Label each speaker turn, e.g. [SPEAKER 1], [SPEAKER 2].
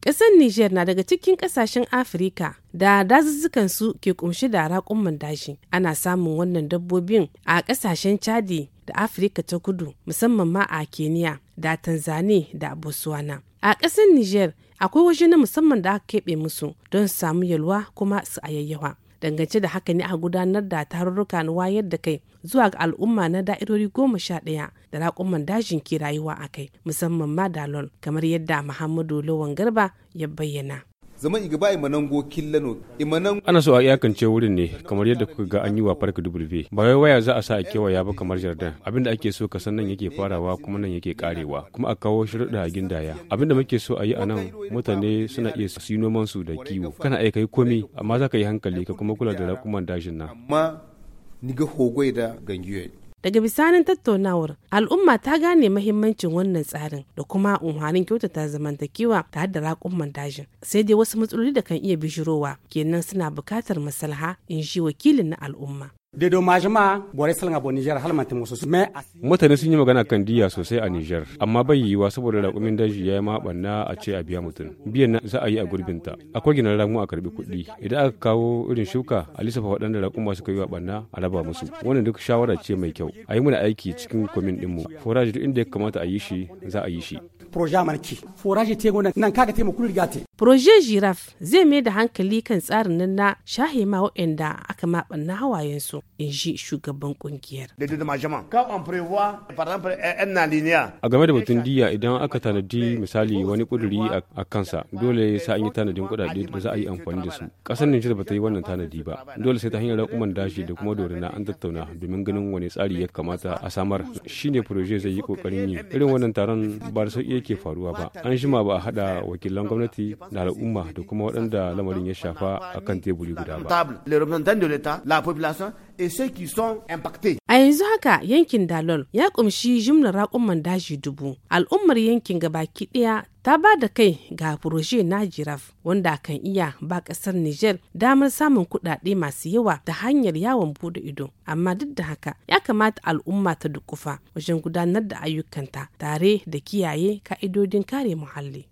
[SPEAKER 1] Ƙasar Nijar na daga cikin ƙasashen Afirka da dazuzzukansu ke kumshi da raƙumman daji. Ana samun wannan dabbobin a ƙasashen Chadi da Afirka ta kudu musamman ma a Kenya da Tanzania da Botswana. A ƙasar Nijar akwai waje na musamman da aka keɓe musu don su samu yalwa kuma su ayayyawa. dangance da haka ne a gudanar da tarurruka na wayar da kai zuwa ga al'umma na da'irori goma sha ɗaya da raƙuman dajin ke rayuwa a kai musamman ma dalon kamar yadda muhammadu lawan garba ya bayyana zaman
[SPEAKER 2] igaba imanango killano imanan ana so a iyakance wurin ne kamar yadda kuka ga an yi wa farka w ba wai waya za a sa a kewaya ba kamar jardin abinda ake so ka san nan yake farawa kuma nan yake karewa kuma a kawo shirɗa a gindaya abinda muke so a yi a nan mutane suna iya su noman su da kiwo kana aika kai komi amma za ka yi hankali ka kuma kula da rakuman dajin na. amma ni ga hogoi da gangiyoyi
[SPEAKER 1] Daga bisanin tattaunawar, al'umma ta gane mahimmancin wannan tsarin da kuma unhanin kyautata zamantakewa tare da raƙun dajin. Sai dai wasu matsaloli da kan iya bishirowa kenan suna buƙatar masalha in shi wakilin na al'umma.
[SPEAKER 2] Mutane sun yi magana kan diya sosai a Nijar, amma bai yiwa saboda raƙumin daji ya yi maɓanna a ce a biya mutum. Biyan za a yi a gurbinta. Akwai gina ramu a karɓi kuɗi. Idan aka kawo irin shuka, a lissafa waɗanda ba suka yi wa ɓanna a raba musu. Wannan duk shawara ce mai kyau. A yi mana aiki cikin kwamin ɗinmu. forage duk inda ya kamata a yi shi, za a yi shi.
[SPEAKER 1] projet marki. forage te nan kaga te mu kulirga gate Proje Giraffe zai mai da hankali kan tsarin nan na shahe ma waɗanda aka maɓan na hawayensu in ji shugaban kungiyar. A game
[SPEAKER 2] da batun diya idan aka tanadi misali wani kuduri a kansa dole sai an yi tanadin kudade da za a yi amfani da su. Ƙasar Nijar ba ta yi wannan tanadi ba. Dole sai ta hanyar rakuman dashi da kuma dorina an tattauna domin ganin wani tsari ya kamata a samar. Shine proje zai yi kokarin yi. Irin wannan taron ba da sauƙi yake faruwa ba. An shima ba a haɗa wakilan gwamnati da al'umma da kuma waɗanda lamarin ya shafa a kan teburi guda ba.
[SPEAKER 1] A yanzu haka yankin Dalol ya kumshi jimlar raƙumman daji dubu. Al'ummar yankin gabaki ɗaya ta ba da kai ga furoje na jiraf wanda kan iya ba ƙasar Nijar damar samun kuɗaɗe masu yawa ta hanyar yawon buɗe ido amma duk da haka ya kamata al'umma ta dukufa wajen gudanar da ayyukanta tare da kiyaye ka'idodin kare muhalli.